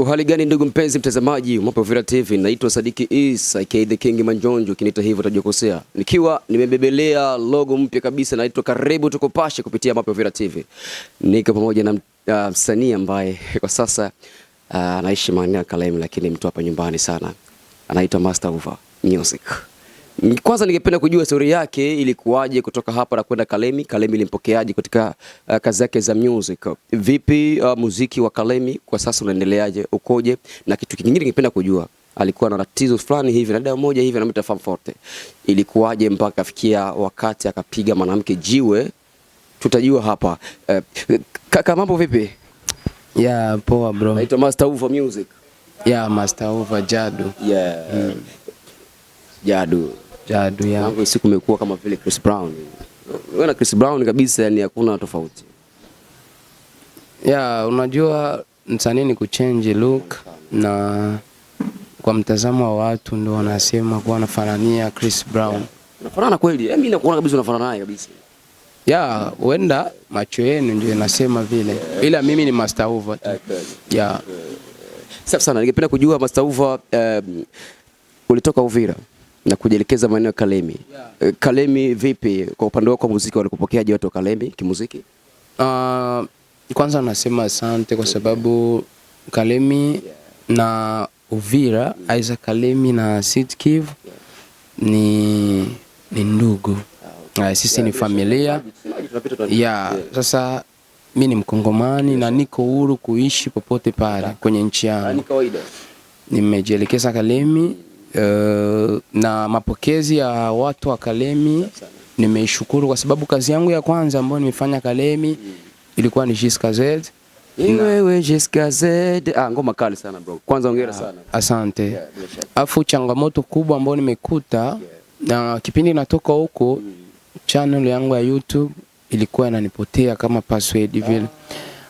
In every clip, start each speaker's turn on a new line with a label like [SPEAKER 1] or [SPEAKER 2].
[SPEAKER 1] Uhali gani ndugu mpenzi mtazamaji wa Mapovira TV, naitwa Sadiki Isa aka the King Manjonjo, kiniita hivyo utajikosea, nikiwa nimebebelea logo mpya kabisa, naitwa karibu tukupashe kupitia Mapovira TV. Niko pamoja na uh, msanii ambaye kwa sasa uh, anaishi uh, maeneo ya Kalemi, lakini mtu hapa nyumbani sana, anaitwa Master Uva Music. Kwanza ningependa kujua stori yake ilikuwaje kutoka hapa na kwenda Kalemi. Kalemi ilimpokeaje katika uh, kazi yake za music? Vipi uh, muziki wa Kalemi kwa sasa unaendeleaje, ukoje? Na kitu kingine ningependa kujua alikuwa na tatizo fulani hivi na dada mmoja hivi anamwita Fam Forte, ilikuwaje mpaka afikia wakati akapiga mwanamke jiwe? Tutajua hapa. Uh, kaka, mambo vipi?
[SPEAKER 2] Yeah, poa bro.
[SPEAKER 1] Naitwa Master Uva Music.
[SPEAKER 2] Yeah, Master Uva Jadu.
[SPEAKER 1] Yeah. Mm. Jadu cha ya yako. Mambo siku imekuwa kama vile Chris Brown. Wewe na Chris Brown kabisa, yani hakuna tofauti.
[SPEAKER 2] Yeah, unajua msanii ni kuchange look na kwa mtazamo wa watu ndio wanasema kuwa anafanania Chris Brown. Yeah.
[SPEAKER 1] Unafanana kweli? Mimi nakuona kabisa unafanana naye kabisa.
[SPEAKER 2] Yeah, huenda macho yenu ndio inasema vile. Ila mimi ni Master Uva. Yeah.
[SPEAKER 1] Safi sana. Ningependa kujua Master Uva, um, ulitoka Uvira na kujielekeza maeneo ya Kalemi. Yeah. Eh, Kalemi vipi kwa upande wako wa muziki, walikupokeaje watu wa Kalemi kimuziki?
[SPEAKER 2] Uh, kwanza nasema asante kwa sababu Kalemi yeah. na Uvira Isaac Kalemi na Sid Kiv yeah. ni, ni ndugu okay. Ah, ah, sisi yeah, ni familia yeah. yeah. Sasa mi ni Mkongomani na niko huru kuishi popote pale kwenye nchi yangu, nimejielekeza Kalemi Eh, na mapokezi ya watu wa Kalemi nimeishukuru kwa sababu kazi yangu ya kwanza ambayo nimefanya Kalemi mm. ilikuwa ni Jiska Z.
[SPEAKER 1] Iwewe Jiska Z. Ah, ngoma kali sana bro. Kwanza hongera ah, sana.
[SPEAKER 2] Asante. Yeah, afu changamoto kubwa ambayo nimekuta yeah. na kipindi natoka huko mm. channel yangu ya YouTube ilikuwa inanipotea kama password ah. vile.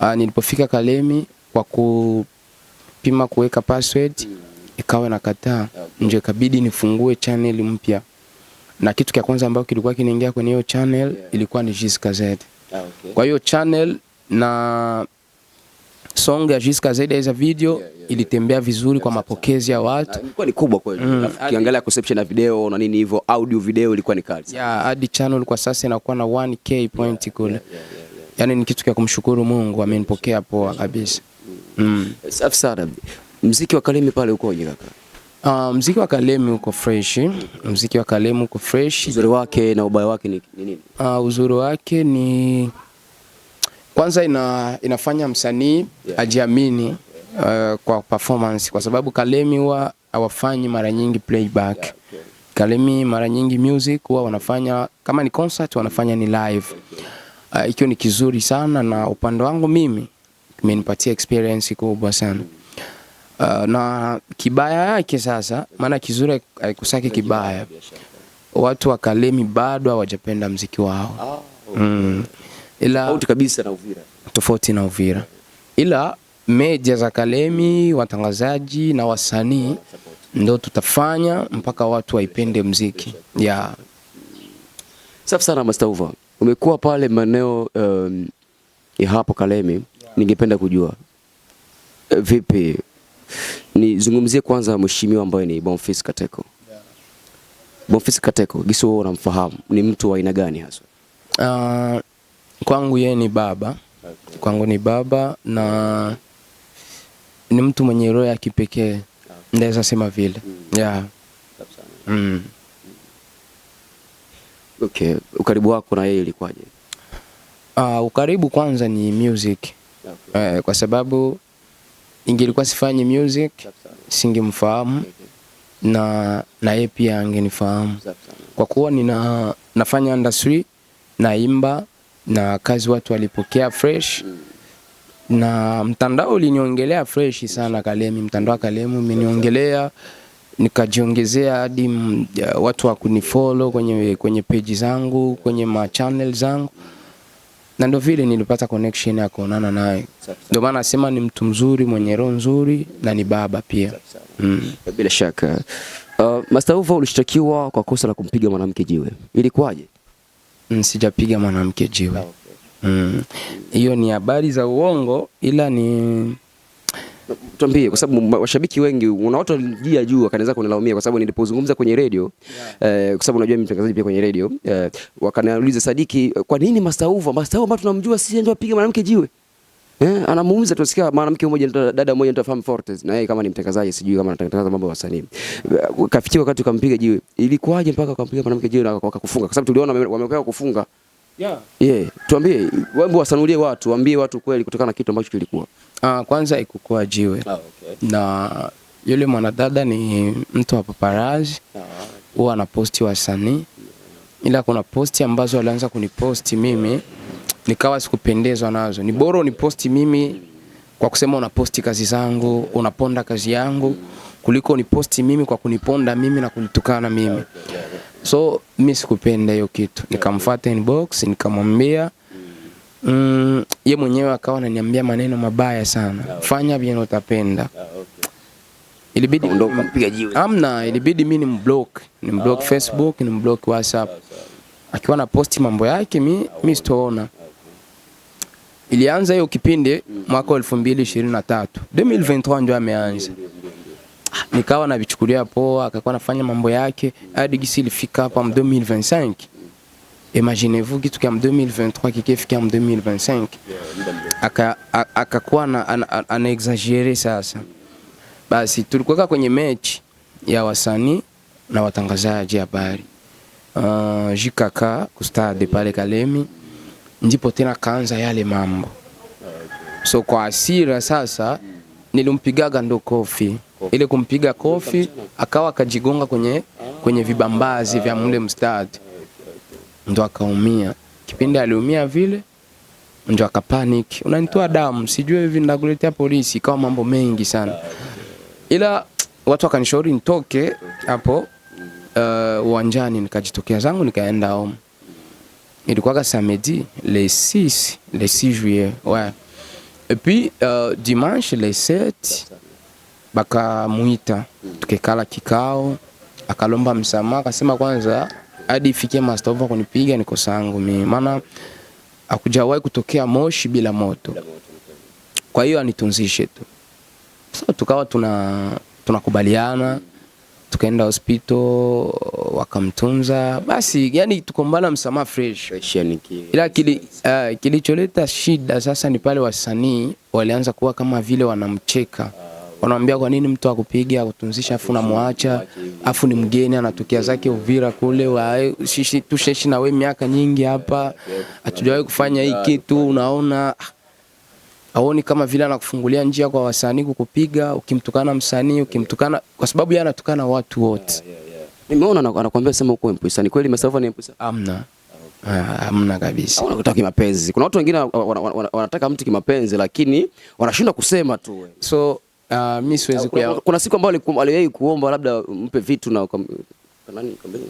[SPEAKER 2] Ah, nilipofika Kalemi kwa kupima kuweka password mm nikawa nakataa, nje, kabidi nifungue channel mpya, na kitu cha kwanza ambacho kilikuwa kinaingia kwenye hiyo channel yeah. ilikuwa ni Jiska Z. Ah, kwa hiyo channel na song ya Jiska Z as a video yeah, yeah, yeah. ilitembea vizuri yeah, kwa mapokezi ya watu. Ah,
[SPEAKER 1] ilikuwa ni kubwa kweli. Mm. Ukiangalia conception ya video na nini hivyo, audio video ilikuwa ni kali.
[SPEAKER 2] Yeah, hadi channel kwa sasa inakuwa na 1k point yeah, kule. yeah, yeah, yeah. Yaani ni kitu cha kumshukuru Mungu, amenipokea poa kabisa.
[SPEAKER 1] Mm. mm. Safi sana. Mziki wa Kalemi pale ukoje kaka?
[SPEAKER 2] Uh, mziki wa Kalemi uko fresh. Mziki wa Kalemi uko fresh.
[SPEAKER 1] Uzuri wake na ubaya wake ni nini?
[SPEAKER 2] Uh, uzuri wake ni kwanza ina, inafanya msanii yeah, ajiamini uh, kwa performance kwa sababu Kalemi huwa hawafanyi mara nyingi playback. Yeah, okay. Kalemi mara nyingi music huwa wanafanya kama ni concert wanafanya ni live. Uh, ikiwa ni kizuri sana na upande wangu mimi kimenipatia experience kubwa sana. Uh, na kibaya yake sasa, maana kizuri haikusaki kibaya. Watu wa Kalemi bado hawajapenda mziki wao
[SPEAKER 1] oh, mm. Ila kabisa na Uvira,
[SPEAKER 2] tofauti na Uvira, ila media za Kalemi, watangazaji na wasanii ah, ndo tutafanya mpaka watu waipende mziki yeah.
[SPEAKER 1] Safi sana Mastauva, umekuwa pale maeneo um, ya hapo Kalemi yeah. Ningependa kujua eh, vipi Nizungumzie kwanza mheshimiwa ambaye ni Boniface Kateko. Boniface Kateko, gisi wewe unamfahamu ni mtu wa aina gani hasa?
[SPEAKER 2] Uh, ah, kwangu yeye ni baba okay. Kwangu ni baba na ni mtu mwenye roho ya kipekee okay. Naweza sema vile mm. yeah. mm.
[SPEAKER 1] Okay. Ukaribu wako na yeye ilikuwaje?
[SPEAKER 2] Uh, ukaribu kwanza ni music okay. Uh, kwa sababu ingelikuwa sifanye music singemfahamu na na yeye pia angenifahamu kwa kuwa nina nafanya industry naimba na kazi watu walipokea fresh na mtandao uliniongelea fresh sana Kalemi, mtandao wa Kalemi umeniongelea nikajiongezea hadi watu wa kunifollow kwenye, kwenye peji zangu kwenye channel zangu na ndio vile nilipata connection ya kuonana naye, ndio maana nasema ni mtu mzuri mwenye roho nzuri na ni baba pia
[SPEAKER 1] mm. Bila shaka uh, Master Uva ulishtakiwa kwa kosa la kumpiga mwanamke jiwe, ilikuwaje?
[SPEAKER 2] Mm, sijapiga mwanamke jiwe mm. hiyo okay. mm. ni habari za uongo, ila ni
[SPEAKER 1] tuambie, kwa sababu washabiki wengi una watu walijia juu wakaanza kunilaumia kwa sababu nilipozungumza kwenye redio yeah. eh, kwa sababu unajua mimi mtangazaji pia kwenye redio eh, wakaniuliza Sadiki, kwa nini Master Uva Master Uva tunamjua sisi ndio apiga mwanamke jiwe Eh, anamuumiza tusikia mwanamke mmoja dada mmoja nitafahamu Fortes na yeye kama ni mtangazaji sijui kama anatangaza mambo ya wasanii. Kafikia wakati ukampiga jiwe. Ilikuwaje mpaka ukampiga mwanamke jiwe na wakakufunga? Kwa sababu tuliona wamekwenda kufunga. Yeah. Yeah. Tuambie, wewe wasanulie watu, waambie watu kweli kutokana na kitu ambacho kilikuwa.
[SPEAKER 2] Ah, kwanza ikukua jiwe. Oh, okay. Na yule mwanadada ni mtu wa paparazi. Ah. Huwa ah. anaposti wasanii. Ila kuna posti ambazo alianza kuniposti mimi nikawa sikupendezwa nazo. Ni bora uniposti mimi kwa kusema unaposti kazi zangu, unaponda kazi yangu kuliko uniposti mimi kwa kuniponda mimi na kunitukana mimi. Okay. So mi sikupenda hiyo kitu, nikamfuata inbox nikamwambia mm, ye mwenyewe akawa ananiambia maneno mabaya sana, ah, fanya vile utapenda. Ah, ilibidi jiwe, amna, ilibidi mi nimblock, nimblock ah, Facebook, nimblock WhatsApp. Akiwa na posti mambo yake mi, mi sitoona Ilianza hiyo kipindi mm. mwaka 2023. 2023 ndio ameanza nikawa navichukulia poa, akakuwa nafanya mambo yake hadi gisi ilifika hapa 2025. Imaginez-vous kitu kama 2023 kikifika 2025, aka akakuwa na an, an, exagere sasa. Basi tulikuwa kwenye mechi ya wasanii na watangazaji habari uh, jikaka kustade pale Kalemi, ndipo tena kaanza yale mambo so kwa asira sasa nilimpigaga ndo kofi ile kumpiga kofi, akawa akajigonga kwenye, kwenye vibambazi vya mle mstadi, ndo akaumia. Kipindi aliumia vile ndo akapanic, unanitoa damu, sijui hivi ndakuletea polisi, ikawa mambo mengi sana, ila watu wakanishauri nitoke hapo uh, uwanjani uh, nikajitokea zangu nikaenda home. Ilikuwa samedi le 6 le 6 juillet ouais. Et puis euh, dimanche le 7 bakamuita tukikala kikao, akalomba msamaha, akasema kwanza hadi ifikie master over kunipiga niko sangu mimi, maana akujawahi kutokea moshi bila moto, kwa hiyo anitunzishe tu. So, tukawa tuna tunakubaliana tukaenda hospital wakamtunza, basi yani tukombana msamaha fresh, ila kili, uh, kilicholeta shida sasa ni pale wasanii walianza kuwa kama vile wanamcheka wanamwambia kwa nini mtu akupiga akutunzisha, afu namwacha, afu ni mgeni anatokea zake Uvira kule, tushaishi na we miaka nyingi hapa, hatujawahi kufanya hii kitu. Unaona aoni kama vile anakufungulia njia kwa wasanii kukupiga, ukimtukana msanii, ukimtukana kwa sababu yeye anatukana watu wote.
[SPEAKER 1] Nimeona anakuambia sema uko mpwisa, ni kweli Masava ni mpwisa?
[SPEAKER 2] Amna. Ah, hamna kabisa.
[SPEAKER 1] Unataka kimapenzi. Kuna watu wengine wanataka mtu kimapenzi lakini wanashindwa kusema tu.
[SPEAKER 2] So Uh, mimi siwezi kuya... kuna,
[SPEAKER 1] kuna siku ambayo aliwahi kuomba labda mpe vitu na kwa nani kambini?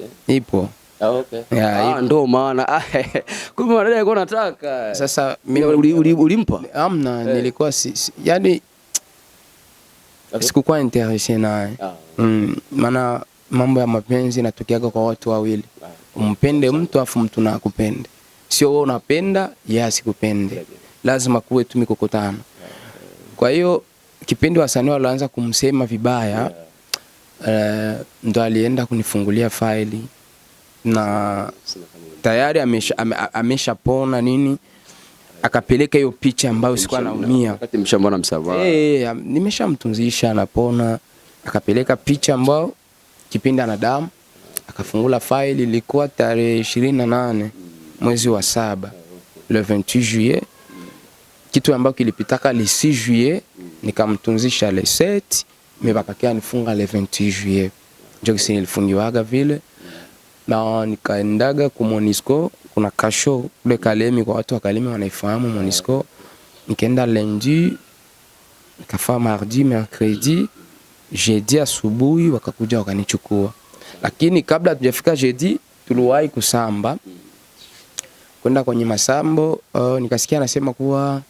[SPEAKER 2] Yeah. Ipo.
[SPEAKER 1] Ah, okay. Yeah, ah, ndo maana kumbe madada alikuwa anataka Sasa mimi ulimpa?
[SPEAKER 2] Hamna, eh. nilikuwa si, si, yani okay. Sikukuwa interesse naye. Ah, mm, maana mambo ya mapenzi inatokeaga kwa watu wawili. ah, Umpende mtu afu mtu na akupende. Sio wewe unapenda, yeye asikupende. Lazima kuwe tu mikokotano. Kwa hiyo kipindi wasanii walianza kumsema vibaya yeah. Uh, ndo alienda kunifungulia faili na tayari amesha, am, ameshapona nini, akapeleka hiyo picha ambayo sikuwa naumia
[SPEAKER 1] wakati mshamwona msamaha
[SPEAKER 2] eh, nimeshamtunzisha anapona, akapeleka picha ambayo kipindi ana damu, akafungula faili, ilikuwa tarehe 28 mwezi wa saba le 28 juillet kitu ambacho kilipitaka le 6 juillet nikamtunzisha le 7 me bakakia nifunga le 28 juillet njo kisi nilifungiwaga vile na nikaendaga ku Monisco. Kuna kasho kule Kalemi, kwa watu wa Kalemi wanaifahamu Monisco. Nikaenda lundi, nikafaa mardi, mercredi, jeudi asubuhi wakakuja wakanichukua, lakini kabla tujafika jeudi tuliwahi kusamba kwenda kwenye masambo. Uh, nikasikia anasema kuwa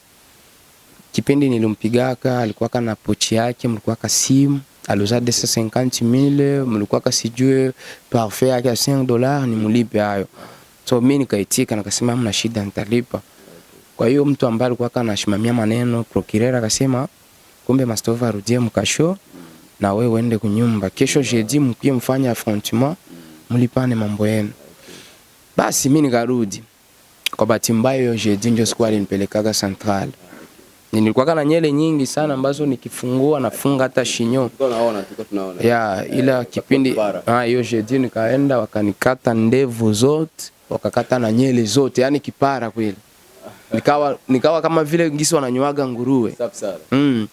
[SPEAKER 2] Kipindi nilimpigaka alikuwaka na pochi yake, mlikuwaka simu aliuza desa senkanti mile, mlikuwaka sijue parfait yake ya 5 dollars ni mulipe hayo. So mimi nikaitika nikasema mna shida, nitalipa. Kwa hiyo mtu ambaye alikuwaka anashimamia maneno procureur akasema, kumbe Mastofa arudie mkasho na wewe uende kunyumba kesho jeudi, mkie mfanye affrontement mlipane mambo yenu. Basi mimi nikarudi. Kwa bahati mbaya hiyo jeudi ndio siku alinipelekaga Central nilikuwa na nyele nyingi sana ambazo nikifungua nafunga hata shinyo. Tunaona tunaona. Yeah, ila kipindi ah, hiyo jeudi nikaenda wakanikata ndevu zote, wakakata na nyele zote, yani kipara kweli. Nikawa nikawa kama vile ngisi wananywaga nguruwe. Sawa Mm.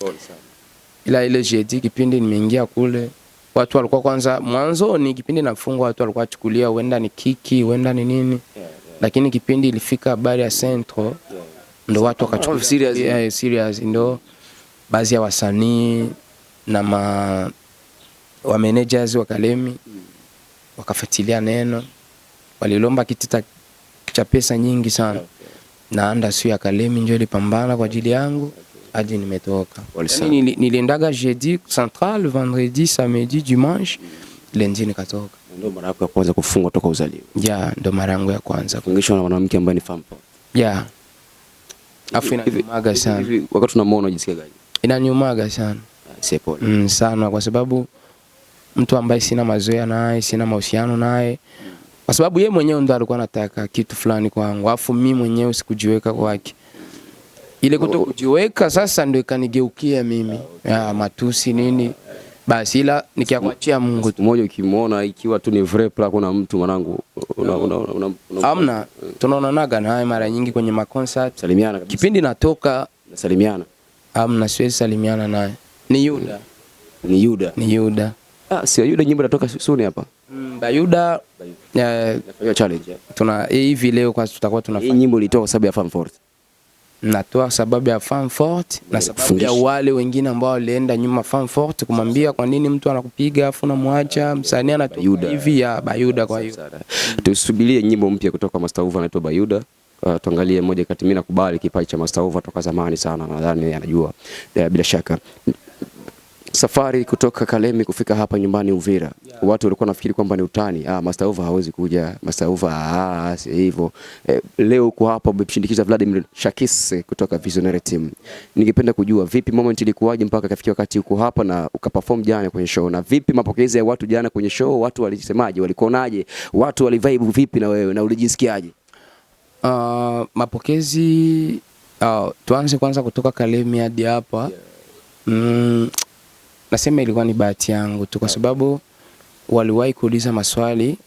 [SPEAKER 2] Ila ile jeudi kipindi nimeingia kule watu walikuwa kwanza, mwanzo ni kipindi nafungwa, watu walikuwa chukulia huenda ni kiki, huenda ni nini, yeah, yeah. Lakini kipindi ilifika habari ya Centro ndo watu wakachukua oh,
[SPEAKER 1] serious, yeah,
[SPEAKER 2] eh, serious. Ndo baadhi ya wasanii na ma, wa managers wa Kalemi wakafuatilia neno, walilomba kitita cha pesa nyingi sana na anda sio ya Kalemi ndio ilipambana kwa ajili yangu hadi nimetoka. Yani, niliendaga jeudi central, vendredi, samedi, dimanche, lendi nikatoka.
[SPEAKER 1] Ndio mara yako ya kwanza kufungwa toka uzaliwa? Yeah, ndio mara yangu ya kwanza kuingishwa na mwanamke ambaye ni fampo
[SPEAKER 2] ya Yeah afu inanyumaga sana.
[SPEAKER 1] wakati unamuona unajisikia gani?
[SPEAKER 2] Inanyumaga sana. Ah, Sio pole. Mm, sana kwa sababu mtu ambaye sina mazoea naye, sina mahusiano naye. Kwa sababu yeye mwenyewe ndo alikuwa anataka kitu fulani kwangu. Afu mimi mwenyewe sikujiweka kwake. Ile kutokujiweka sasa ndio ikanigeukia mimi. Ah, ya, ah, matusi nini? basi, ila nikiakuachia Mungu tu.
[SPEAKER 1] Mmoja ukimuona ikiwa tu ni vrai pla, kuna mtu mwanangu,
[SPEAKER 2] hamna eh. tunaonanaga haya mara nyingi kwenye ma concert, salimiana kabisa. Kipindi natoka nasalimiana, amna, siwezi salimiana naye. Ni Yuda, ni Yuda, ni Yuda.
[SPEAKER 1] Ah, sio Yuda, nyimbo natoka suni hapa
[SPEAKER 2] mm, Bayuda, tunafanya eh, challenge tuna eh, hivi leo, kwa tutakuwa tunafanya
[SPEAKER 1] hii nyimbo ilitoka kwa sababu ya fan Force
[SPEAKER 2] natoa sababu ya fan fort na sababu ya wale wengine ambao walienda nyuma fan fort kumwambia kwa nini mtu anakupiga afu unamwacha msanii anatoka hivi ya Bayuda. Kwa hiyo
[SPEAKER 1] tusubirie nyimbo mpya kutoka Master Uva anaitwa Bayuda. Uh, tuangalie moja kati, mimi nakubali kipaji cha Master Uva toka zamani sana, nadhani anajua eh, bila shaka Safari kutoka Kalemi kufika hapa nyumbani Uvira, yeah. Watu walikuwa nafikiri kwamba ni utani, ah, Master Uva hawezi kuja, Master Uva ah, si hivyo eh. Leo uko hapa umemshindikiza Vladimir Shakise kutoka Visionary Team. Ningependa kujua vipi moment ilikuwaje mpaka kafikia wakati uko hapa na ukaperform jana kwenye show, na vipi mapokezi ya watu jana kwenye show? Watu walisemaje, walikuonaje, watu walivibe vipi na wewe na ulijisikiaje?
[SPEAKER 2] Uh, mapokezi uh, tuanze kwanza kutoka Kalemi hadi hapa yeah. mm, Nasema ilikuwa ni bahati yangu tu, kwa sababu waliwahi kuuliza maswali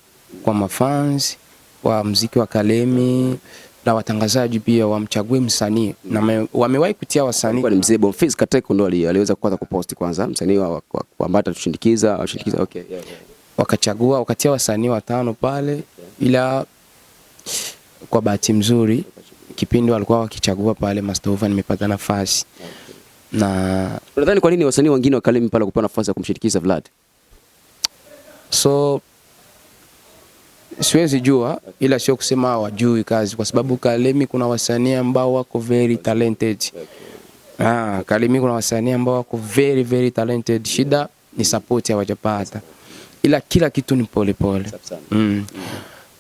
[SPEAKER 2] kwa mafans wa mziki wa Kalemi na watangazaji pia wamchague msanii na wamewahi kutia wasanii.
[SPEAKER 1] Kwa mzee Bonfils Kateko ndo aliweza kwanza kuposti kwanza msanii wa ambaye atashindikiza ashindikiza, okay,
[SPEAKER 2] wakachagua wakatia wasanii watano pale, ila kwa bahati mzuri kipindi walikuwa wakichagua pale Mastofa nimepata nafasi na
[SPEAKER 1] unadhani kwa nini wasanii wengine wakalemi pale kupewa nafasi ya kumshirikisha Vlad?
[SPEAKER 2] So siwezi jua, ila sio kusema hawajui kazi, kwa sababu Kalemi kuna wasanii ambao wako very talented. Ah, Kalemi kuna wasanii ambao wako very very talented, shida ni support hawajapata, ila kila kitu ni polepole pole. Mm.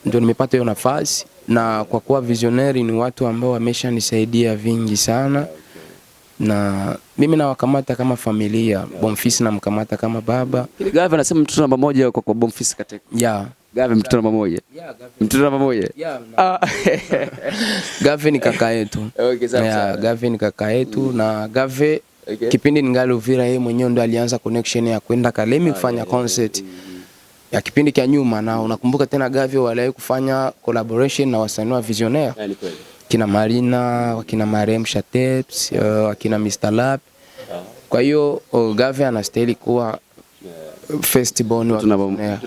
[SPEAKER 2] Ndio nimepata hiyo nafasi, na kwa kuwa visionary ni watu ambao wameshanisaidia vingi sana na mimi nawakamata kama familia. Bonfisi namkamata kama baba.
[SPEAKER 1] Gavi anasema mtoto namba moja kwa kwa Bomfisi Kateka. Yeah. Gavi mtoto namba moja. Yeah, Gavi. Mtoto namba moja.
[SPEAKER 2] Yeah. Ah. Gavi ni kaka yetu. Okay, sawa sawa. Gavi ni kaka yetu mm. na Gavi okay. Kipindi ningali Uvira yeye mwenyewe ndo alianza connection ya kwenda Kalemi ah, kufanya yeah, concert. Yeah, yeah, Ya kipindi kya nyuma na unakumbuka tena Gavi waliwahi kufanya collaboration na wasanii wa Visionaire. Yeah, kina Marina, wakina Marem Shateps, uh, eh, wakina Mr. Lab. Kwa hiyo eh, Gavi anastahili kuwa eh, first born
[SPEAKER 1] wa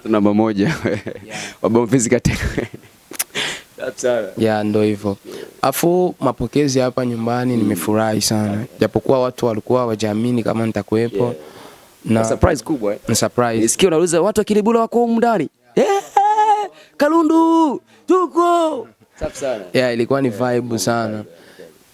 [SPEAKER 1] namba moja wa Fizika tena.
[SPEAKER 2] ya ndo hivyo. Afu mapokezi hapa nyumbani nimefurahi sana, japokuwa watu walikuwa wajamini kama nitakuwepo
[SPEAKER 1] Na surprise kubwa eh. Ni surprise. Nisikia unauliza watu akilibula wako huko ndani. Yeah. Yeah. Kalundu tuko
[SPEAKER 2] Safi Yeah, ilikuwa ni vibe sana.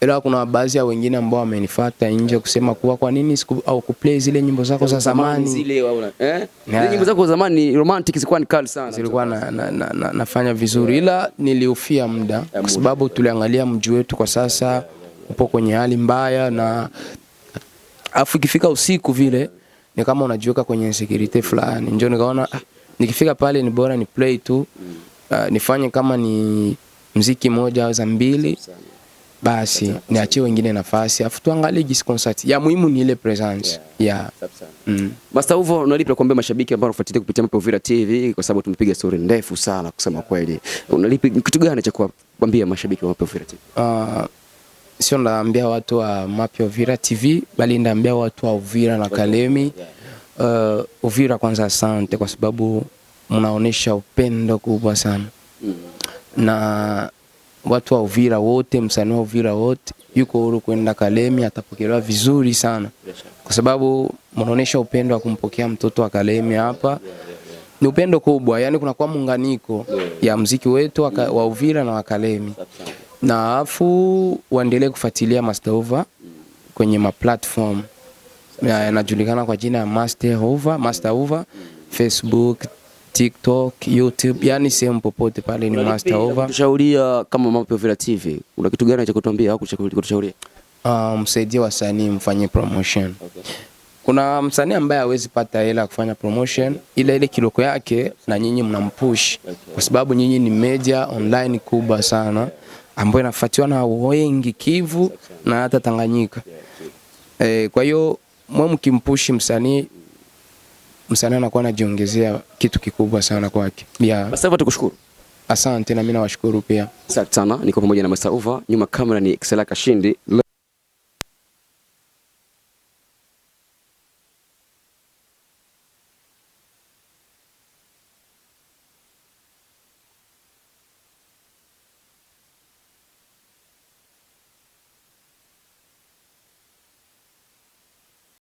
[SPEAKER 2] Ila kuna baadhi ya wengine ambao wamenifuata nje kusema kuwa kwa nini siku au kuplay zile nyimbo zako za zamani.
[SPEAKER 1] Zile eh? Yeah. Zile nyimbo zako za zamani romantic zilikuwa ni kali sana.
[SPEAKER 2] Zilikuwa na, na, na, na, nafanya vizuri ila niliufia muda kwa sababu tuliangalia mji wetu kwa sasa upo kwenye hali mbaya na afu ikifika usiku vile ni kama unajiweka kwenye insecurity fulani. Njoo nikaona ah, nikifika pale ni bora ni play tu. Uh, nifanye kama ni mziki moja au za mbili basi niachie wengine nafasi, afu tuangalie jinsi concert ya muhimu ni ile presence yeah. Mm.
[SPEAKER 1] Master Uvo, unalipi kuambia mashabiki ambao wanafuatilia kupitia Mapya Uvira TV, kwa sababu tumepiga story ndefu sana kusema kweli, unalipi kitu gani cha kuambia mashabiki wa Mapya Uvira TV?
[SPEAKER 2] Uh, sio ndaambia watu wa Mapya Uvira TV bali ndaambia watu wa Uvira na Kalemi. Uh, Uvira kwanza, asante kwa sababu mnaonesha upendo kubwa sana na watu wa Uvira wote, msanii wa Uvira wote yuko huru kwenda Kalemi, atapokelewa vizuri sana, kwa sababu mnaonesha upendo wa kumpokea mtoto wa Kalemi hapa. Ni upendo kubwa, yani kwa muunganiko ya mziki wetu wa Uvira na wa Kalemi, na afu waendelee kufuatilia Master Over kwenye maplatform yanajulikana kwa jina ya Master Over, Master Over, Facebook TikTok, YouTube, yani sehemu popote pale ni Master Over.
[SPEAKER 1] Kushauria kama Mapya Villa TV, una kitu gani cha kutuambia au cha kutushauria?
[SPEAKER 2] Uh, um, msaidie wasanii mfanye promotion. Kuna msanii ambaye hawezi pata hela ya kufanya promotion ila ile kiloko yake, na nyinyi mnampush kwa sababu nyinyi ni media online kubwa sana ambayo inafuatiwa na wengi Kivu na hata Tanganyika. E, kwa hiyo mwe mkimpushi msanii msanii anakuwa anajiongezea kitu kikubwa sana kwake. Yeah. tukushukuru. Asante na mimi nawashukuru pia.
[SPEAKER 1] Asante sana. Niko pamoja na Masauva, nyuma kamera ni Xela Kashindi.